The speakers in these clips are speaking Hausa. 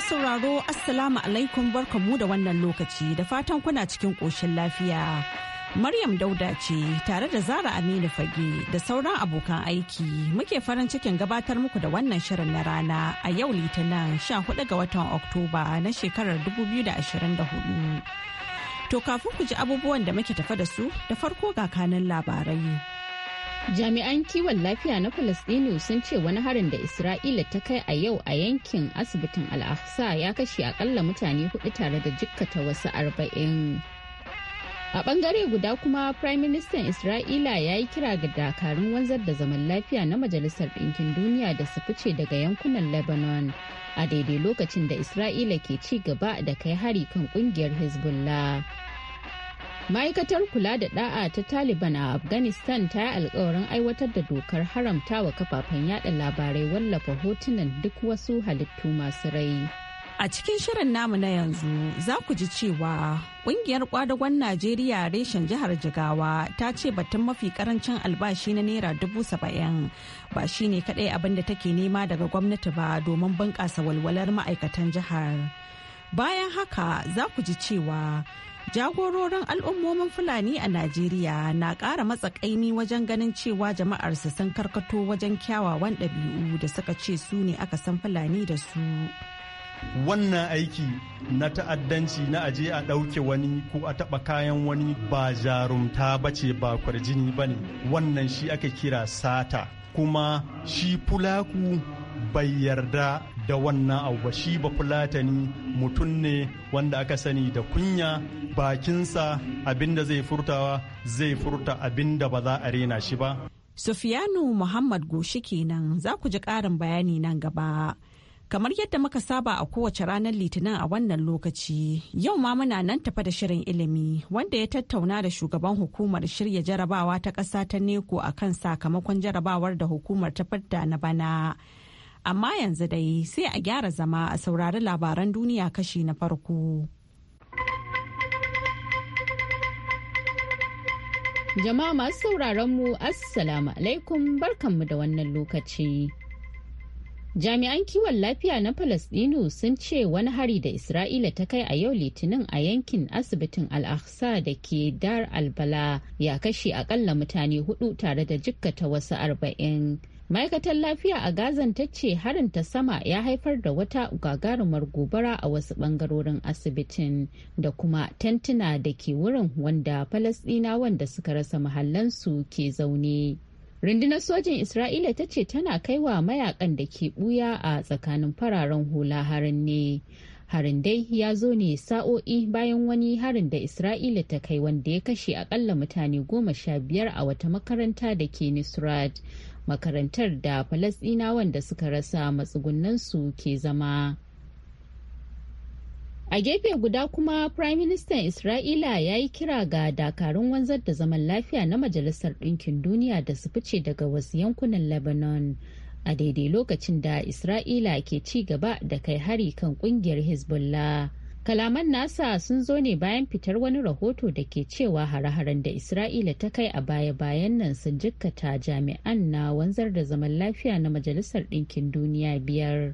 sauraro Assalamu alaikum barkanmu da wannan lokaci da fatan kuna cikin koshin lafiya. Maryam Dauda ce tare da Zara Aminu Fage da sauran abokan aiki muke farin cikin gabatar muku da wannan shirin na rana a yau Litinin 14 ga watan Oktoba na shekarar 2024. To kafin ku ji abubuwan da muke tafa da su da farko ga kanin labarai. Jami'an kiwon lafiya na Falasɗinu sun ce wani harin da Isra'ila ta kai a yau a yankin asibitin Al-Aqsa ya kashe akalla mutane hudu tare da jikkata wasu arba'in. A bangare guda kuma Prime Minister Isra'ila ya yi kira ga dakarun wanzar da zaman lafiya na Majalisar Ɗinkin Duniya da su fice daga yankunan Lebanon a daidai lokacin da Isra'ila ke ci gaba da kai hari kan kungiyar Hezbollah. ma'aikatar kula da da'a ta taliban a afghanistan ta yi alkawarin aiwatar da dokar haramtawa kafafen yada labarai wallafa hotunan duk wasu halittu masu rai a cikin shirin namu na yanzu za ku ji cewa ƙungiyar kwadagon najeriya reshen jihar jigawa ta ce batun mafi karancin albashi na naira dubu saba'in ba shine kadai abin da take nema daga gwamnati ba domin bunƙasa walwalar ma'aikatan jihar bayan haka za ku ji cewa jagororin al'ummomin fulani a najeriya na ƙara matsakaimi wajen ganin cewa jama'arsu sun karkato wajen kyawawan ɗabi'u da suka ce su ne aka san fulani da su wannan aiki na ta'addanci na aje a ɗauke wani ko a taɓa kayan wani ba jarumta ba ce ba kwarjini ba ne wannan shi aka kira sata kuma shi fulaku bai yarda da wannan abu shi ba fulatani mutum ne wanda aka sani da kunya bakinsa abinda zai furtawa zai furta abinda ba za a rena shi ba Sufiyanu Muhammad Goshi kenan za ku ji ƙarin bayani nan gaba. Kamar yadda muka saba a kowace ranar Litinin a wannan lokaci, yau ma muna nan tafa da shirin ilimi wanda ya tattauna da shugaban hukumar shirya jarabawa ta ƙasa ta neko a kan sakamakon jarabawar da hukumar ta fadda na bana. amma yanzu dai sai a gyara zama a saurari labaran duniya kashi na farko. Jama'a masu sauraron mu Assalamu alaikum barkanmu da wannan lokaci. Jami'an kiwon lafiya na Falasɗinu sun ce wani hari da Isra'ila ta kai a yau Litinin a yankin asibitin Al-Aqsa da ke Dar al-Bala ya kashe akalla mutane hudu tare da jikkata wasu arba'in. ma'aikatar lafiya a gazan ta ce harin ta sama ya haifar da wata gagarumar gobara a wasu bangarorin asibitin da kuma tentuna da ke wurin wanda falasdina wanda suka rasa mahallansu ke zaune rundunar sojin isra'ila ta ce tana kaiwa mayakan da ke buya a tsakanin fararen hula harin ne harin dai ya zo ne sa'o'i bayan wani harin da isra'ila ta kai wanda ya kashe akalla mutane goma sha biyar a wata makaranta da ke nisrat makarantar da falasɗinawan da suka rasa su ke zama a gefe guda kuma prime minister isra'ila ya yi kira ga dakarun wanzar da zaman lafiya na majalisar ɗinkin duniya da su fice daga wasu yankunan lebanon a daidai lokacin da isra'ila ke ci gaba da kai hari kan kungiyar hezbollah Kalaman nasa sun zo ne bayan fitar wani rahoto da ke cewa hare-haren da Isra'ila ta kai a baya-bayan nan sun jikkata jami'an na wanzar da zaman lafiya na Majalisar Ɗinkin Duniya biyar.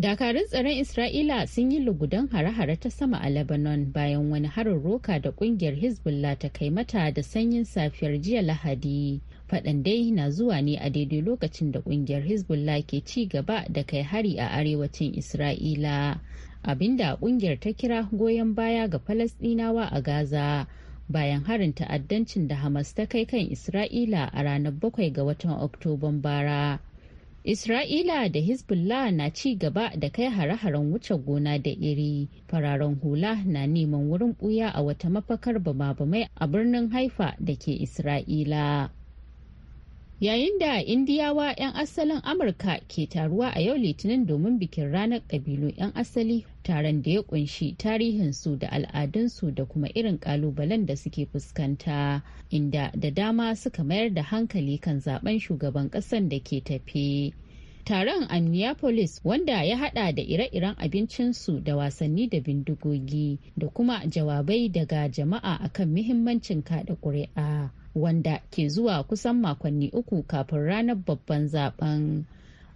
dakarun tsaron isra'ila sun yi lugudan hare-hare ta sama a lebanon bayan wani harin roka da kungiyar hezbollah ta kai mata da sanyin safiyar jiya lahadi faɗan dai na zuwa ne a daidai lokacin da kungiyar hezbollah ke ci gaba da kai hari a arewacin isra'ila abinda kungiyar ta kira goyon baya ga falasdinawa a gaza bayan harin ta'addancin da hamas ta kai kan isra'ila a ranar bakwai ga watan oktoban bara isra'ila da hezbollah na ci gaba da kai hare-haren wuce gona da iri fararen hula na neman wurin buya a wata mafakar bama-bamai a birnin haifa da ke isra'ila yayin da indiyawa 'yan asalin amurka ke taruwa a yau litinin domin bikin ranar ƙabilu 'yan asali taron da ya kunshi tarihinsu da al'adunsu da kuma irin kalubalen da suke fuskanta inda da dama suka mayar da hankali kan zaben shugaban kasan da ke tafe. taron a Neapolis wanda ya hada da ire-iren abincinsu da wasanni da bindigogi da kuma jawabai daga jama'a akan muhimmancin kada ƙuri'a wanda ke zuwa kusan makonni uku kafin ranar babban zaben.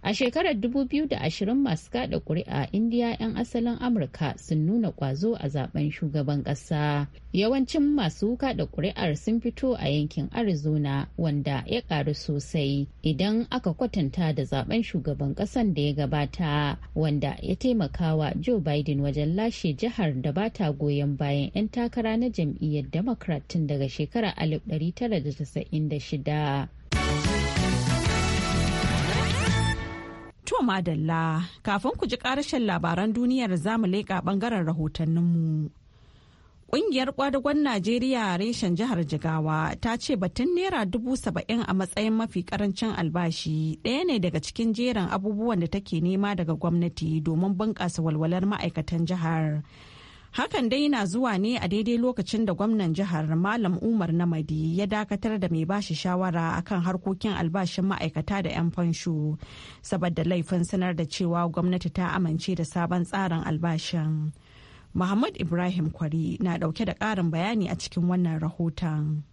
A shekarar 2020 masu kada kuri'a indiya 'yan asalin Amurka sun nuna kwazo a zaben shugaban ƙasa. Yawancin masu kada kuri'ar sun fito a yankin Arizona wanda ya ƙaru sosai idan aka kwatanta da zaben shugaban ƙasan da ya gabata wanda ya taimakawa Joe Biden wajen lashe jihar da ba ta goyon bayan 'yan takara na jam'iyyar Democrat tun daga shekarar 1996. To madalla, kafin ku ji karashen labaran duniyar zamu leƙa bangaren rahotanninmu. Ƙungiyar kwadagon Najeriya reshen jihar Jigawa ta ce batun Naira dubu saba'in a matsayin mafi karancin albashi ɗaya ne daga cikin jerin abubuwan da take nema daga gwamnati domin bunƙasa walwalar ma'aikatan jihar. Hakan dai na zuwa ne a daidai lokacin da gwamnan jihar Malam Umar Namadi ya dakatar da mai bashi shawara akan harkokin albashin ma'aikata da 'yan fansho, saboda laifin sanar da cewa gwamnati ta amince da sabon tsarin albashin. Muhammad Ibrahim Kwari na dauke da ƙarin bayani a cikin wannan rahoton.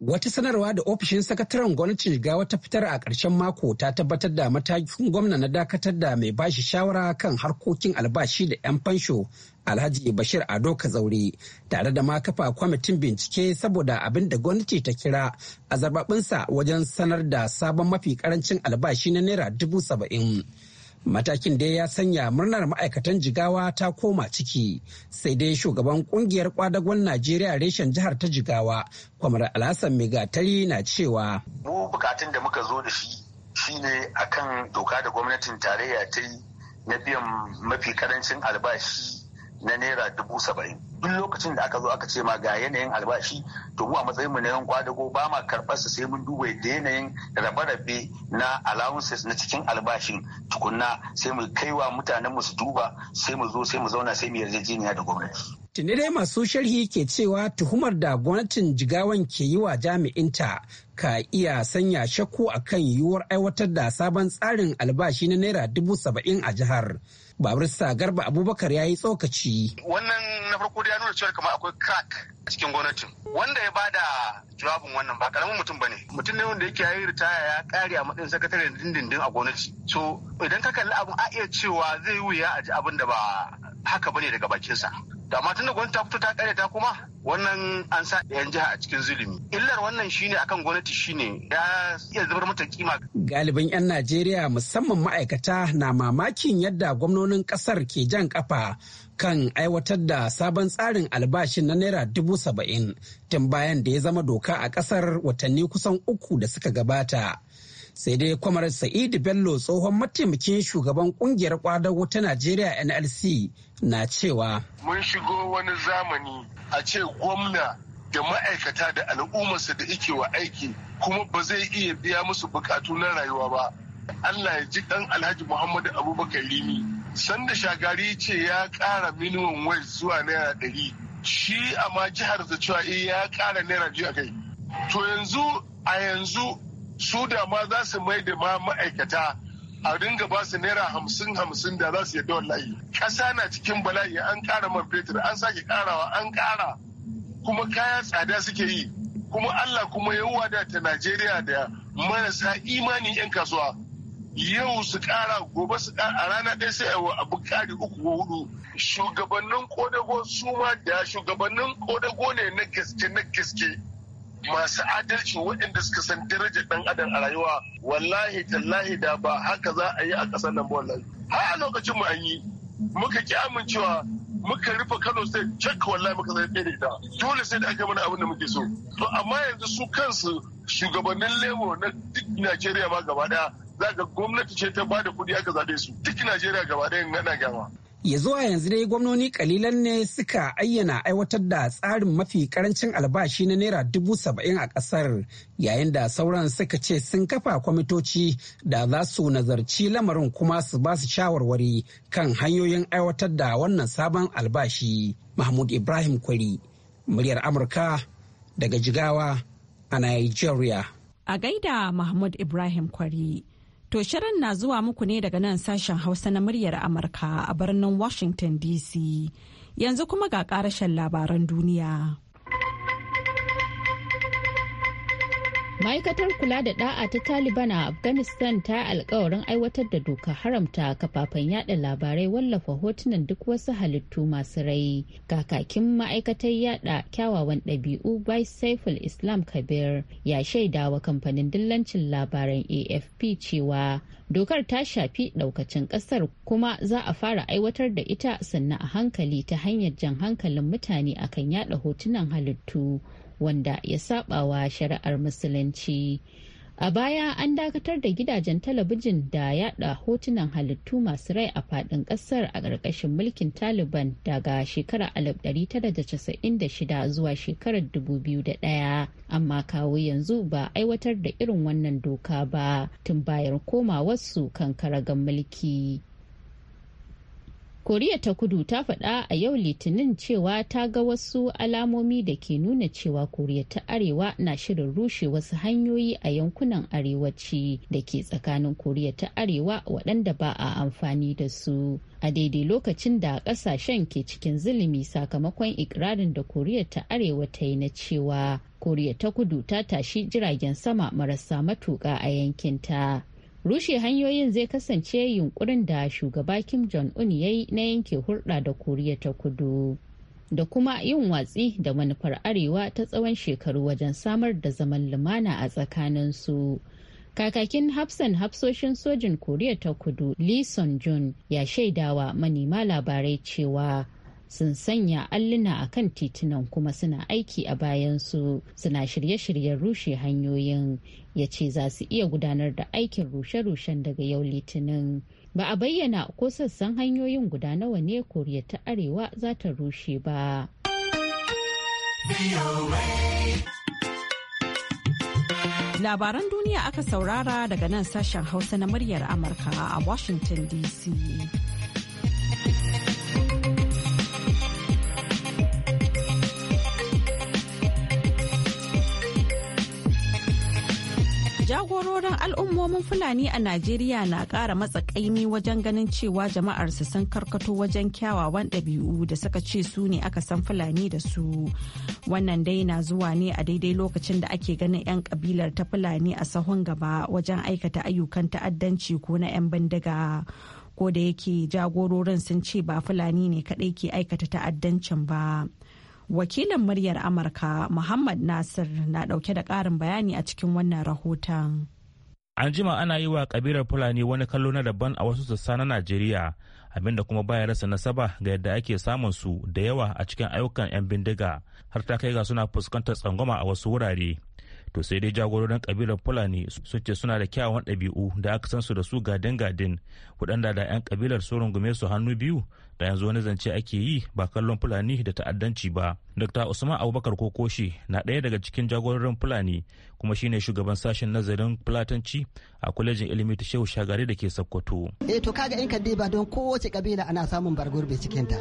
Wata sanarwa da ofishin sakataren gwamnatin shiga wata fitar a ƙarshen mako ta tabbatar da matakin gwamna na dakatar da mai bashi shawara kan harkokin albashi da 'yan fansho Alhaji Bashir Ado Kazauri, tare da ma kafa kwamitin bincike saboda abin da gwamnati ta kira a zarbabinsa wajen sanar da sabon mafi karancin albashi na Naira dubu saba'in. matakin da ya sanya murnar ma'aikatan jigawa ta koma ciki sai dai shugaban kungiyar kwadagon najeriya reshen jihar ta jigawa kwamar alhassan megatari na cewa mu bukatun da muka zo da shi shine akan doka da gwamnatin tarayya ta yi na biyan mafi karancin albashi na naira dubu saba'in duk lokacin da aka zo aka ce ma ga yanayin albashi to mu a matsayin mu na yan kwadago ba ma karɓar su sai mun duba da yanayin rabe-rabe na allowances na cikin albashin tukunna sai mu kaiwa mutanen mu su duba sai mu zo sai mu zauna sai mu yarjejeniya da gwamnati. Tuni dai masu sharhi ke cewa tuhumar da gwamnatin jigawan ke yi wa jami'inta ka iya sanya shakku akan yiwuwar aiwatar da sabon tsarin albashi na naira dubu saba'in a jihar. barista garba abubakar ya yi tsokaci wannan na farko da ya nuna cewa kamar akwai crack a cikin gwamnatin wanda ya bada jawabin wannan ba karamin mutum bane mutum ne wanda yake yayi ritaya ya kare a matsayin sakataren dindindin a gwamnati so idan ka kalli abun a iya cewa zai wuya a ji abin da ba haka bane daga bakinsa da amma tunda gwamnati ta fito ta kare ta kuma wannan an sa yan jiha a cikin zulumi illar wannan shine akan gwamnati shine ya iya zubar mata kima galibin yan Najeriya musamman ma'aikata na mamakin yadda gwamnonin kasar ke jan kafa kan aiwatar da sabon tsarin albashin na naira dubu saba'in tun bayan da ya zama doka a kasar watanni kusan uku da suka gabata sai dai kwamar sa'idu bello tsohon mataimakin shugaban kungiyar kwadago ta najeriya nlc na cewa mun shigo wani zamani a ce gwamna da ma'aikata da al'ummarsa da ike wa aiki kuma ba zai iya biya musu bukatu na rayuwa ba allah ya ji dan alhaji muhammadu abubakar limi sanda shagari ce ya kara minimum wage zuwa naira ɗari shi amma jihar da eh ya kara naira biyu a kai to yanzu a yanzu su da ma za su mai da ma ma'aikata a ringa ba su naira hamsin hamsin da za su yi yadda layi. ƙasa na cikin bala'i an ƙara man fetur an sake ƙarawa an ƙara kuma kaya tsada suke yi kuma allah kuma ya wadata najeriya da marasa imanin 'yan kasuwa yau su kara gobe su kara a rana ɗaya sai a abu kari uku ko hudu shugabannin kodago su ma da shugabannin kodago ne na gaske na gaske masu adalci waɗanda suka san daraja ɗan adam a rayuwa wallahi tallahi da ba haka za a yi a ƙasar nan ba wallahi har a lokacin mu an yi muka ki amincewa muka rufe Kano sai cak wallahi muka zai da dole sai da aka mana abin da muke so to amma yanzu su kansu shugabannin lemo na duk Najeriya ma gaba daya za ga gwamnati ce ta bada kuɗi aka zaɓe su duk Najeriya gaba daya ana gyama. ya zuwa yanzu dai gwamnoni kalilan ne suka ayyana aiwatar da tsarin mafi karancin albashi na naira dubu saba'in a kasar yayin da sauran suka ce sun kafa kwamitoci da za su nazarci lamarin kuma su ba su shawarwari kan hanyoyin aiwatar da wannan sabon albashi mahmud ibrahim kwari muryar amurka daga jigawa a nigeria a gaida mahmud ibrahim kwari To shirin na zuwa muku ne daga nan sashen Hausa na muryar Amurka a birnin Washington DC. Yanzu kuma ga ƙarashen labaran duniya. ma'aikatar kula da da'a ta taliban a afghanistan ta yi alkawarin aiwatar da doka haramta kafafen yada labarai wallafa hotunan duk wasu halittu masu rai kakakin ma'aikatar yada kyawawan ɗabi'u by saiful islam kabir ya shaida wa kamfanin dillancin labaran afp cewa dokar ta shafi daukacin kasar kuma za a fara aiwatar da ita sannan a hankali ta hanyar jan hankalin mutane akan yada hotunan halittu wanda ya sabawa shari'ar musulunci a baya an dakatar da gidajen talabijin da yada hotunan halittu masu rai a fadin kasar a ƙarƙashin mulkin taliban daga shekarar 1996 zuwa shekarar 2001 amma kawo yanzu ba aiwatar da irin wannan doka ba tun bayan koma wasu kan karagan mulki koriya ta kudu ta faɗa a yau litinin cewa ta ga wasu alamomi da ke nuna cewa koriya ta arewa na shirin rushe wasu hanyoyi a yankunan arewaci da ke tsakanin koriya ta arewa waɗanda ba a amfani da su a daidai lokacin da ƙasashen ke cikin zulumi sakamakon ikirarin da koriya ta arewa ta yi na cewa koriya ta kudu ta tashi jiragen sama marasa matuƙa a yankinta rushe hanyoyin zai kasance yunkurin da shugaba kim jong-un ya yi na yanke hulɗa da koriya ta kudu da kuma yin watsi da manufar arewa ta tsawon shekaru wajen samar da zaman lumana a tsakaninsu kakakin hafsan hafsoshin sojin koriya ta kudu lee jun ya shaidawa manema labarai cewa sun sanya alluna a kan titunan kuma suna aiki a bayansu suna shirye-shiryen rushe hanyoyin ya ce za su iya gudanar da aikin rushe-rushen daga yau litinin ba a bayyana ko sassan hanyoyin guda nawa ne koriya ta arewa za ta rushe ba labaran duniya aka saurara daga nan sashen hausa na muryar amurka a washington dc sauran al'ummomin Fulani a Najeriya na ƙara matsa ƙaimi wajen ganin cewa jama'arsu sun karkato wajen kyawawan ɗabi'u da suka ce su ne aka san Fulani da su. Wannan dai na zuwa ne a daidai lokacin da ake ganin 'yan kabilar ta Fulani a sahun gaba wajen aikata ayyukan ta'addanci ko na 'yan bindiga. Ko da yake jagororin sun ce ba Fulani ne kaɗai ke aikata ta'addancin ba. wakilin muryar amurka muhammad nasir na ɗauke da ƙarin bayani a cikin wannan rahoton an jima ana yi wa kabilar fulani wani kallo na daban a wasu sassa na najeriya abinda kuma baya rasa nasaba ga yadda ake samun su da yawa a cikin ayyukan 'yan bindiga har ta kai ga suna fuskantar tsangwama a wasu wurare to sai dai jagororin kabilar fulani sun ce suna da kyawawan ɗabi'u da aka san su da su gadin gadin waɗanda da 'yan kabilar su rungume su hannu biyu da yanzu wani zance ake yi ba kallon fulani da ta'addanci ba dr usman abubakar kokoshi na ɗaya daga cikin jagororin fulani kuma shine shugaban sashen nazarin platanci a kwalejin ilimi ta shehu shagari da ke sokoto eh to kaga in ka ba don kowace kabila ana samun bai cikin ta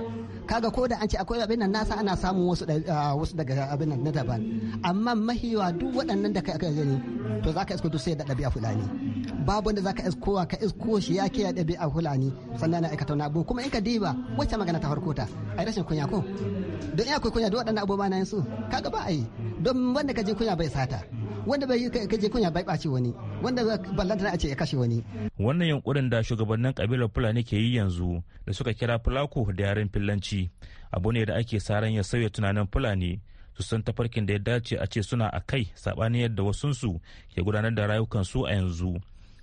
kaga ko da an ce akwai abin nan nasa ana samun wasu ah, daga abin nan na daban amma mahiwa duk waɗannan da kai aka gani to zaka isko duk sai da ɗabi'a fulani babu wanda zaka iskowa ka isko shi ya ke ɗabi'a fulani sannan na aikata wani abu kuma in ka diba wacce magana ta farko ta yi rashin kunya ko don in akwai kunya duk waɗannan abubuwa na yin su kaga ba a yi don wanda ka je kunya bai sata wanda bai kaje kunya bai ɓaci wani wanda ballanta a ce ya kashe wani wannan yunkurin da shugabannin kabilar fulani ke yi yanzu da suka kira fulako da yaren fillanci abu ne da ake saran ya sauya tunanin fulani su san tafarkin da ya dace a ce suna a kai saɓanin yadda wasunsu ke gudanar da rayukansu a yanzu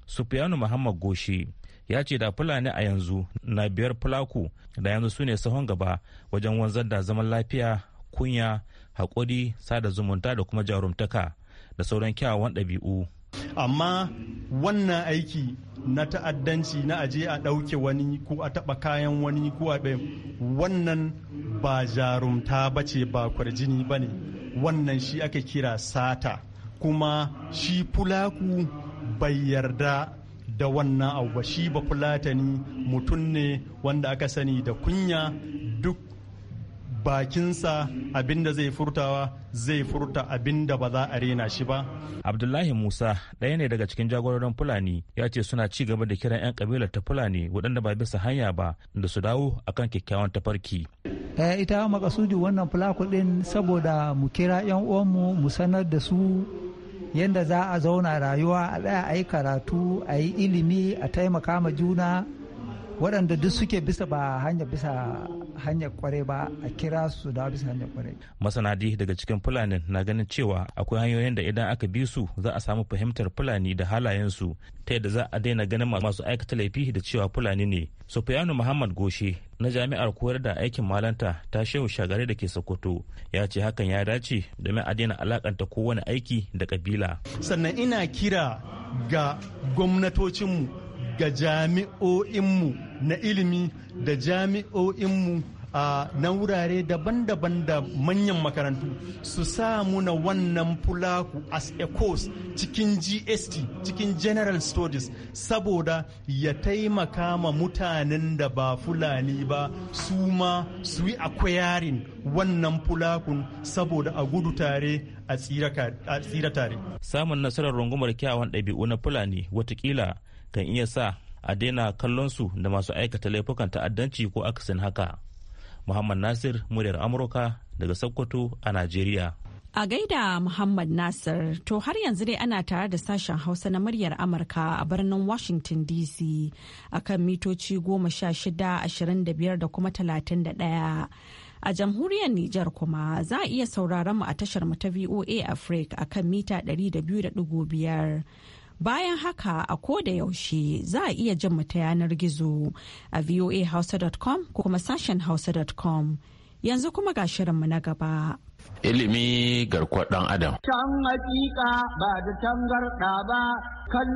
sufiyanu muhammad goshi ya ce da fulani a yanzu na biyar fulaku da yanzu su ne sahon gaba wajen wanzar da zaman lafiya kunya haƙuri sada zumunta da kuma jarumtaka da sauran kyawawan ɗabi'u amma wannan aiki na ta'addanci na aje a ɗauke wani ko a taɓa kayan wani ko a wannan ba jarumta ba ce ba kwarjini ba ne wannan shi ake kira sata kuma shi fulaku bai yarda da wannan abu shi ba fulatani mutum ne wanda aka sani da kunya duk bakinsa abinda zai furtawa zai furta abinda ba za a rena shi ba. Abdullahi Musa ɗaya ne daga cikin jagororin Fulani ya ce suna ci gaba da kiran 'yan kabilar ta Fulani waɗanda ba bisa hanya ba da su dawo akan kyakkyawan tafarki. Eh, ita makasudi wannan fulaku ɗin saboda mu kira 'yan uwanmu mu sanar da su yadda za a zauna rayuwa a ɗaya a yi karatu a yi ilimi a taimaka ma juna waɗanda duk suke bisa ba hanya bisa hanya kware ba a kira su da bisa hanya kware masana daga cikin fulani na ganin cewa akwai hanyoyin da idan aka bi su za a samu fahimtar fulani da halayen su ta yadda za a daina ganin masu aikata laifi da cewa fulani ne sufiyanu muhammad goshe na jami'ar koyar da aikin malanta ta shehu shagare da ke sokoto ya ce hakan ya dace domin a daina alakanta kowane aiki da kabila sannan ina kira ga gwamnatocinmu ga jami'o'inmu na ilimi da jami'o'inmu na wurare daban-daban da manyan makarantu su samu na wannan fulaku as a course cikin gst cikin general studies saboda ya taimaka ma mutanen da ba fulani ba su ma su yi akwayarin wannan fulakun saboda a gudu tare a tsira tare samun nasarar rungumar kyawun ɗabi'u na fulani watakila kan iya sa a daina kallon su da masu aikata laifukan ta'addanci ko akasin haka muhammad nasir muryar amurka daga sokoto a najeriya a gaida muhammad nasir to har yanzu dai ana tare da sashen hausa na muryar amurka a birnin washington dc akan mitoci goma sha shida ashirin da biyar da kuma talatin da ɗaya. a jamhuriyar Nijar kuma za a iya sauraron mu a tashar mu ta VOA Africa a kan mita 200.5. Bayan haka a ko da yaushe za a iya jin mu ta yanar gizo a voahausa.com ko kuma sashen hausa.com. Yanzu kuma ga shirinmu na gaba. Ilimi garkuwar ɗan Adam. Can hakika ba da tangarɗa ba kan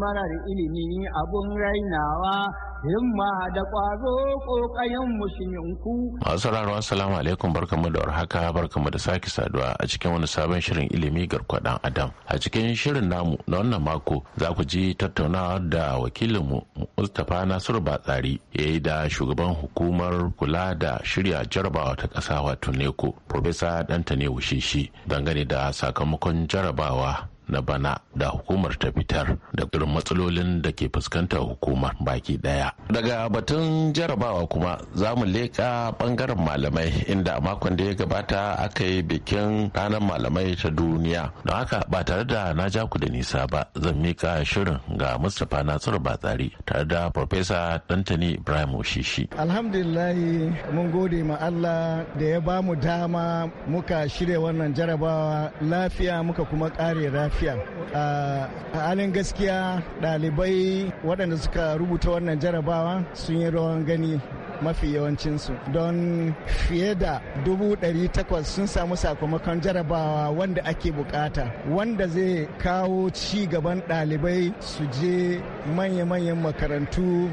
marar ilimi abun rainawa himma da ƙwazo ƙoƙayen musulminku. Masu rarwa salamu alaikum barkamu da warhaka barkamu da sake saduwa a cikin wani sabon shirin ilimi garkuwar ɗan adam. A cikin shirin namu na wannan mako za ku ji tattaunawa da wakilinmu Mustapha Nasiru Batsari ya yi da shugaban hukumar kula da shirya jarabawa ta ƙasa wato Neko, Profesa ɗanta ne wushe shi dangane da sakamakon jarabawa na bana da hukumar ta fitar da irin matsalolin da ke fuskantar hukumar baki daya daga batun jarabawa kuma za mu leƙa bangaren malamai inda a makon da ya gabata aka yi bikin ranar malamai ta duniya don haka ba tare da na ja ku da nisa ba zan mika shirin ga mustapha nasiru batsari tare da farfesa dantani ibrahim oshishi alhamdulillahi mun gode ma allah da ya ba mu dama muka shirya wannan jarabawa lafiya muka kuma kare lafiya lafiya a halin gaskiya ɗalibai waɗanda suka rubuta wannan jarabawa sun yi rawan gani mafi yawancinsu don fiye da dubu ɗari takwas sun samu sakamakon jarabawa wanda ake bukata wanda zai kawo ci gaban ɗalibai su je manya-manyan makarantu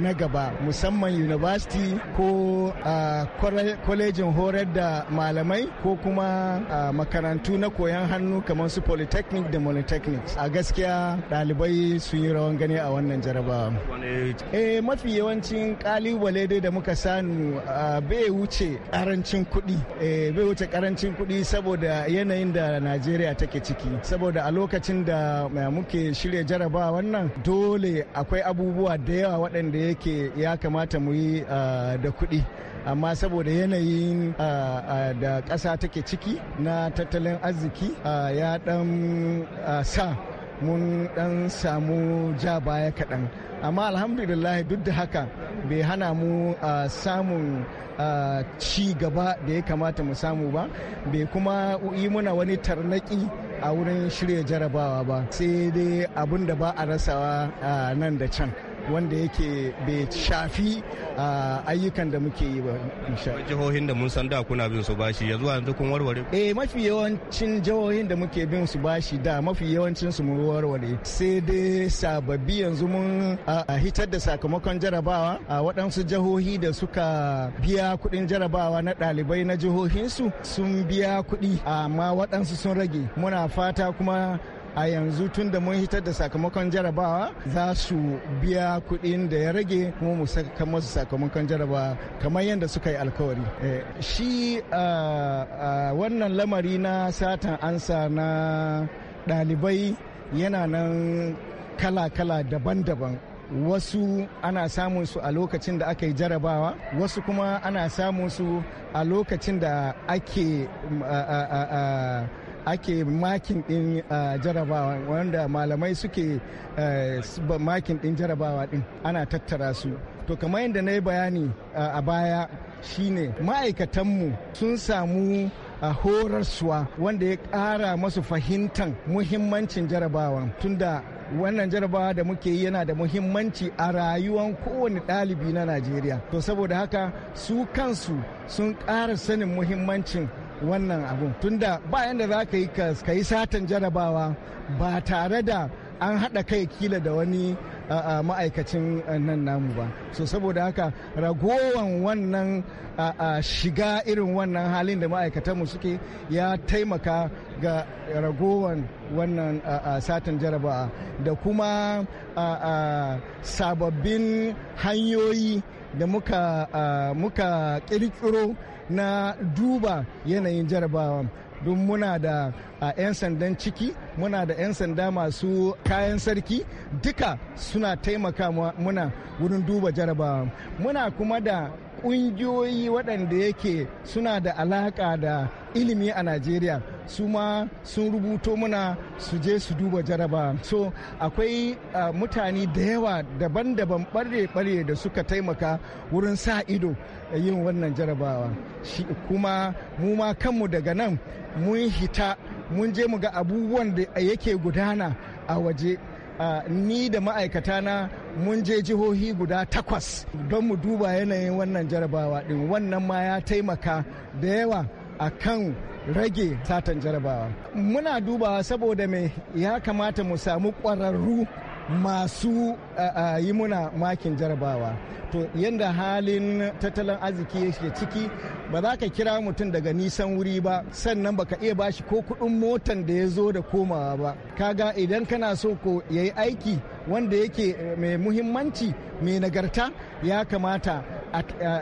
na gaba musamman university ko kwalejin horar da malamai ko kuma makarantu na koyon hannu kamar su polytechnic da monotechnic a gaskiya ɗalibai sun yi rawan gani a wannan jarabawa eh, mafi yawancin kalibale dai da muka sanu bai wuce karancin kuɗi eh, bai wuce karancin kuɗi saboda yanayin da najeriya take ciki saboda a lokacin da eh, muke shirya jaraba wannan dole akwai abubuwa da yawa waɗanda yake ya kamata mu yi da kuɗi amma saboda yanayin da ƙasa take ciki na tattalin arziki ya ɗan sa mun dan samu ja baya kaɗan amma alhamdulillah duk da haka bai hana mu samun ci gaba da ya kamata mu samu ba bai kuma yi muna wani tarnaki a wurin shirya jarabawa ba sai dai abin da ba a rasawa nan da can wanda yake bai shafi ayyukan da muke yi ba jihohin da mun san da kuna bin su bashi ya zuwa yanzu kun warware eh mafi yawancin jihohin da muke bin su bashi da mafi yawancin su mun warware sai dai sababbi yanzu mun a hitar da sakamakon jarabawa a waɗansu jihohi da suka biya kuɗin jarabawa na ɗalibai na su sun biya kuɗi amma waɗansu sun rage muna fata kuma a yanzu tun da mun hitar da sakamakon jarabawa za su biya kuɗin da ya rage kuma mu saka masu sakamakon jarabawa kamar yadda suka yi alkawari eh, shi wannan lamari na satan ansa na ɗalibai yana nan kala-kala daban-daban wasu ana samun su a lokacin da aka yi jarabawa wasu kuma ana samun su a lokacin da ake ake makin din jarabawa wanda malamai suke makin din jarabawa din ana tattara su to kamar yadda na yi bayani a baya shine ma'aikatanmu sun samu a horarsuwa wanda ya ƙara masu fahimtan muhimmancin jarabawa tunda wannan jarabawa da muke yi yana da muhimmanci a rayuwan kowane ɗalibi na najeriya to saboda haka su kansu sun ƙara sanin muhimmancin wannan abun tunda bayan da za ka yi ka yi satan jarabawa ba tare da an haɗa kai kila da wani ma'aikacin nan namu ba so saboda haka ragowan wannan shiga irin wannan halin da ma'aikatanmu suke ya taimaka ga ragowan wannan satin jarabawa da kuma sababbin hanyoyi da muka kirkiro na duba yanayin jarabawa don muna da 'yan sandan ciki muna da 'yan sanda masu kayan sarki duka suna taimaka muna wurin duba jarabawa muna kuma da ƙungiyoyi waɗanda yake suna da alaƙa da ilimi a najeriya su ma sun rubuto muna su je su duba jaraba so akwai mutane da yawa daban-daban ɓarye-ɓarye da suka taimaka wurin sa ido yin wannan jarabawa Shi kuma mu ma kanmu daga nan mun hita mun je mu ga abubuwan da yake gudana a waje ni da ma'aikata na mun je jihohi guda takwas don mu duba yanayin wannan jarabawa din wannan ma ya taimaka da yawa a kan rage satan jarabawa muna dubawa saboda mai ya kamata mu samu ƙwararru masu yi muna makin jarabawa to yadda halin tattalin arziki yake ciki ba za ka kira mutum daga nisan wuri ba sannan baka iya bashi ko kuɗin motan da ya zo da komawa ba kaga idan kana so ko yi aiki wanda yake eh, mai muhimmanci mai nagarta ya kamata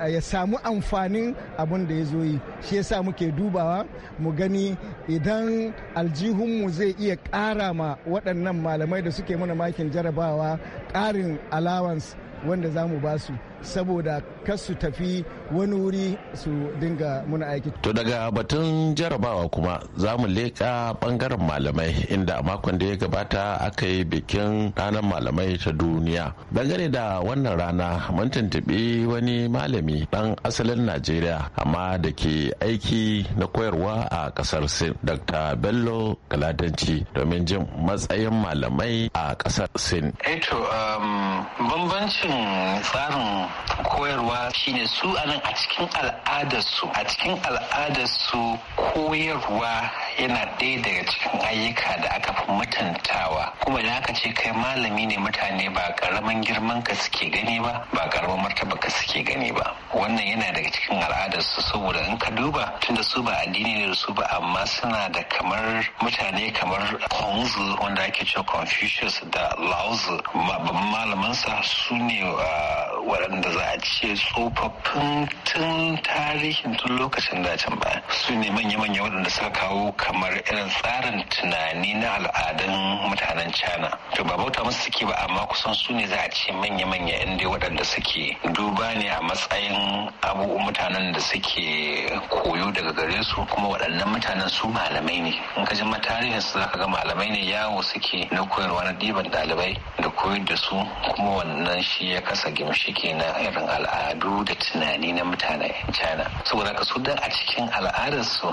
ya samu amfanin abin da ya zo yi shi yasa muke dubawa mu gani idan aljihunmu zai iya ƙara ma waɗannan malamai da suke mana makin jarabawa ƙarin allowance wanda za mu ba saboda kas su tafi wani wuri su dinga muna aiki. To daga batun jarabawa kuma za mu leƙa ɓangaren malamai inda a makon da ya gabata aka yi bikin ranar malamai ta duniya. Dangane da wannan rana mun tuntuɓi wani malami ɗan asalin Najeriya amma da ke aiki na koyarwa a ƙasar Sin Dr. Bello Galadanci domin jin matsayin malamai a kasar Sin. Eto, eh um, bambancin tsarin koyarwa shine su anan a cikin al'adarsu a cikin al'adarsu koyarwa yana ɗaya daga cikin ayyuka da aka fi mutuntawa kuma idan aka ce kai malami ne mutane ba karamin girman ka suke gani ba ba karamin martaba ka suke gani ba wannan yana daga cikin al'adarsu saboda in ka duba tunda su ba addini ne su ba amma suna da kamar mutane kamar Konzu wanda ake cewa Confucius da Laozi malamansa su ne ah, waɗanda za a ce tsofaffin tun tarihin tun lokacin dacin baya su ne manya-manya waɗanda suka kawo kamar irin tsarin tunani na al'adun mutanen cana to ba bauta musu suke ba amma kusan su ne za a ce manya-manya inda waɗanda suke duba ne a matsayin abubuwan mutanen da suke koyo daga gare su kuma waɗannan mutanen su malamai ne in ka ji matarihin su zaka ga malamai ne yawo suke na koyarwa na ɗiban ɗalibai da koyar da su kuma wannan shi ya kasa gimshi kenan na irin al'adu da tunani na mutanen china saboda ka su dan a cikin al'adarsu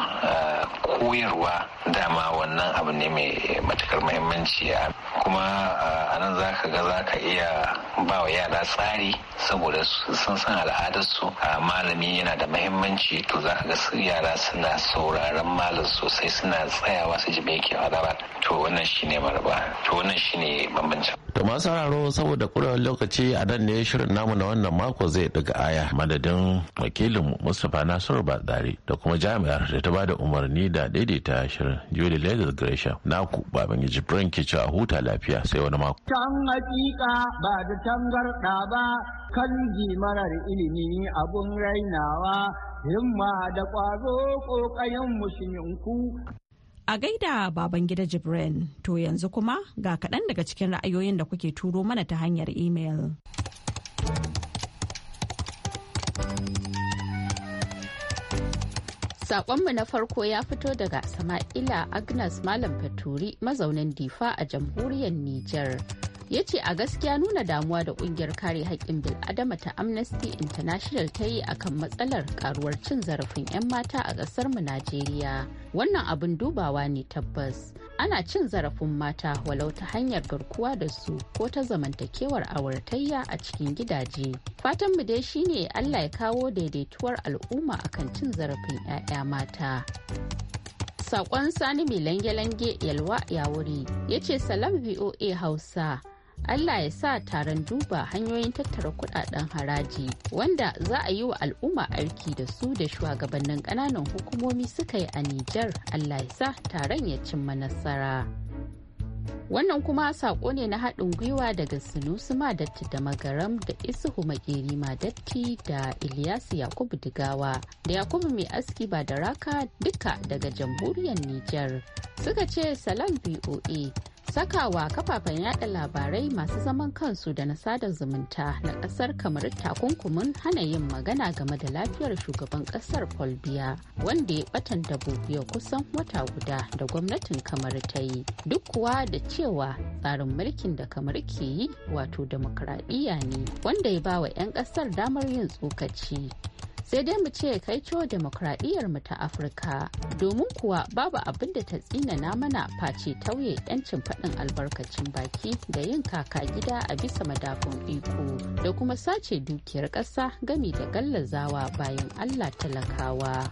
koyarwa dama wannan abu ne mai matukar muhimmanci kuma a nan za ka ga za ka iya ba wa yara tsari saboda sun san al'adarsu a malami yana da muhimmanci to za ka ga yara suna sauraron malam sosai suna tsayawa su ji mai yake faɗa to wannan shine maraba to wannan shine bambancin To masu sauraro saboda kurewar lokaci a nan ne shirin namu na wannan mako zai daga aya madadin wakilin Mustapha Nasiru Batsari da kuma jami'ar da ta bada umarni da daidaita shirin Julie Lagos Gresham naku baban yaji jibrin ke cewa huta lafiya sai wani mako. Can hakika ba da tangarda ba kan marar ilimi abun rainawa himma da ƙwazo ƙoƙayen musulminku. A gaida baban gida Jibrin, to yanzu kuma ga kaɗan daga cikin ra'ayoyin da kuke turo mana ta hanyar imel. Sakonmu na farko ya fito daga Sama'ila Agnes Malam Faturi mazaunin Difa a jamhuriyar Nijar. ya ce a gaskiya nuna damuwa da kungiyar kare haƙƙin bil'adama ta amnesty international ta yi akan matsalar karuwar cin zarafin 'yan mata a ƙasar mu najeriya wannan abin dubawa ne tabbas ana cin zarafin mata walau ta hanyar garkuwa da su ko ta zamantakewar auratayya a cikin gidaje fatan mu dai shine allah ya kawo daidaituwar al'umma akan cin zarafin 'ya'ya mata sakon sani mai lange-lange yalwa ya wuri ya ce salam voa hausa Allah ya sa taron duba hanyoyin tattara kudaden haraji wanda za a yi wa al'umma aiki da su da shugabannin kananan hukumomi suka yi a Nijar Allah ya sa taron ya cimma nasara. Wannan kuma saƙo ne na haɗin gwiwa daga Sinusu Madatti da Magaram da Isuhu Makeri Madatti da Ilyasu Yakubu Digawa da Yakubu Mai Aski ba da Raka duka daga jamhuriyar Nijar. Suka ce salam BOA sakawa kafafen yada labarai masu zaman kansu da na sadar zumunta na kasar kamar takunkumin hana yin magana game da lafiyar shugaban kasar paul wanda ya batan dabo kusan wata guda da gwamnatin kamar ta yi duk kuwa da cewa tsarin mulkin da kamar ke yi wato demokradiyya ne wanda ya ba wa 'yan kasar damar yin tsokaci sai dai mu ce kai kyau demokradiyyar mu ta afirka domin kuwa babu abin da ta tsinana mana face tauye yancin faɗin albarkacin baki da yin kaka gida a bisa madafun iko da kuma sace dukiyar ƙasa gami da gallazawa bayan allah talakawa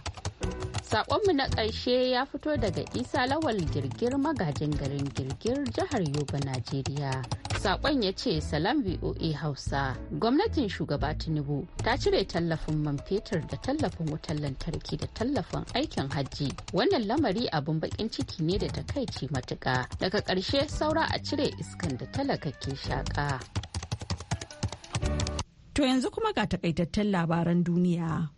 Sakonmu na ƙarshe ya fito daga Isa Lawal Girgir magajin garin Girgir jihar Yobe, Najeriya. saƙon ya ce Salam VOA Hausa. Gwamnatin shugaba Tinubu ta cire tallafin man fetur da tallafin wutar lantarki da tallafin aikin hajji. Wannan lamari abin bakin ciki ne da takaici matuƙa. Daga ƙarshe saura a cire iskan da talaka ke shaƙa. To yanzu kuma ga takaitattun labaran duniya.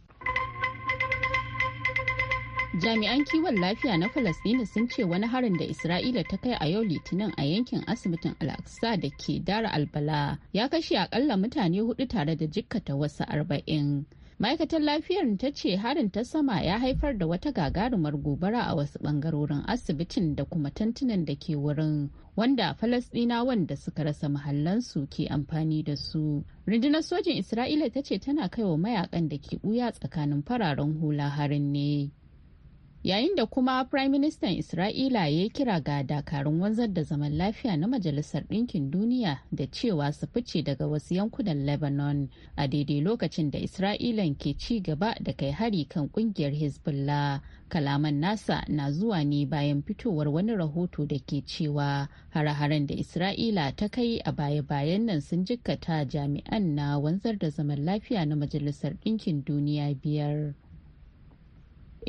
jami'an kiwon lafiya na falasdina sun ce wani harin da isra'ila ta kai a yau litinin a yankin asibitin al-aqsa da ke dara albala ya kashe akalla mutane hudu tare da jikkata wasu arba'in ma'aikatar lafiyar ta ce harin ta sama ya haifar da wata gagarumar gobara a wasu bangarorin asibitin da kuma tantunan da ke wurin wanda falasdinawan wanda suka rasa mahallansu ke amfani da su rundunar sojin isra'ila ta ce tana kaiwa mayakan da ke buya tsakanin fararen hula harin ne yayin da kuma prime minister isra'ila ya yi kira ga dakarun wanzar da zaman lafiya na majalisar ɗinkin duniya da cewa su fice daga wasu yankunan lebanon a daidai lokacin da isra'ilan ke ci gaba da kai hari kan kungiyar hezbollah kalaman nasa na zuwa ne bayan fitowar wani rahoto da ke cewa hare-haren da isra'ila ta kai a baya-bayan nan sun jikkata jami'an na wanzar da zaman lafiya na majalisar ɗinkin duniya biyar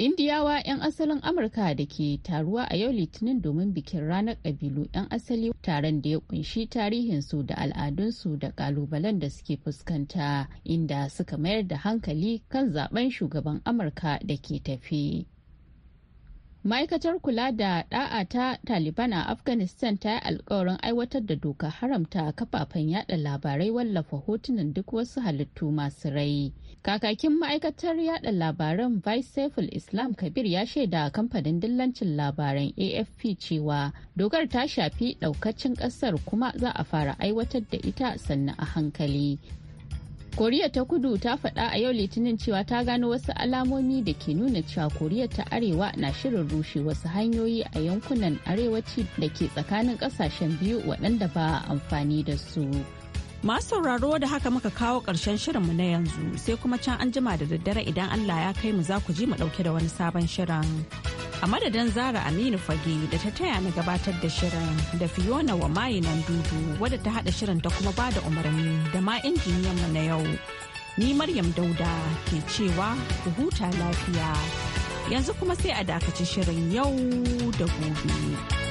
indiyawa 'yan asalin amurka da ke taruwa a yau litinin domin bikin ranar ƙabilu 'yan asali taron da ya kunshi tarihinsu da al'adunsu da ƙalubalen da suke fuskanta inda suka mayar da hankali kan zaben shugaban amurka da ke tafi ma'aikatar kula da da'a ta taliban a afghanistan ta yi alkawarin aiwatar da doka haramta kafafen yada labarai wallafa hotunan duk wasu halittu masu rai kakakin ma'aikatar yada labaran vice saiful islam kabir ya shaida kamfanin dillancin labaran afp cewa dokar ta shafi daukacin kasar kuma za a fara aiwatar da ita sannan a hankali koriya ta kudu ta faɗa a yau litinin cewa ta gano wasu alamomi da ke nuna cewa koriya ta arewa na shirin rushe wasu hanyoyi a yankunan arewaci da ke tsakanin ƙasashen biyu waɗanda ba a amfani da su masu sauraro da haka muka kawo ƙarshen shirinmu na yanzu sai kuma can an jima da daddare idan allah ya kai mu za ku ji mu ɗauke da wani sabon shirin. a madadin zara aminu fage da ta taya na gabatar da shirin da fiona wa mayinan dudu wadda ta hada shirin ta kuma bada umarni da ma injiniyan mu na yau ni maryam dauda ke cewa ku huta lafiya yanzu kuma sai a dakaci shirin yau da gobe.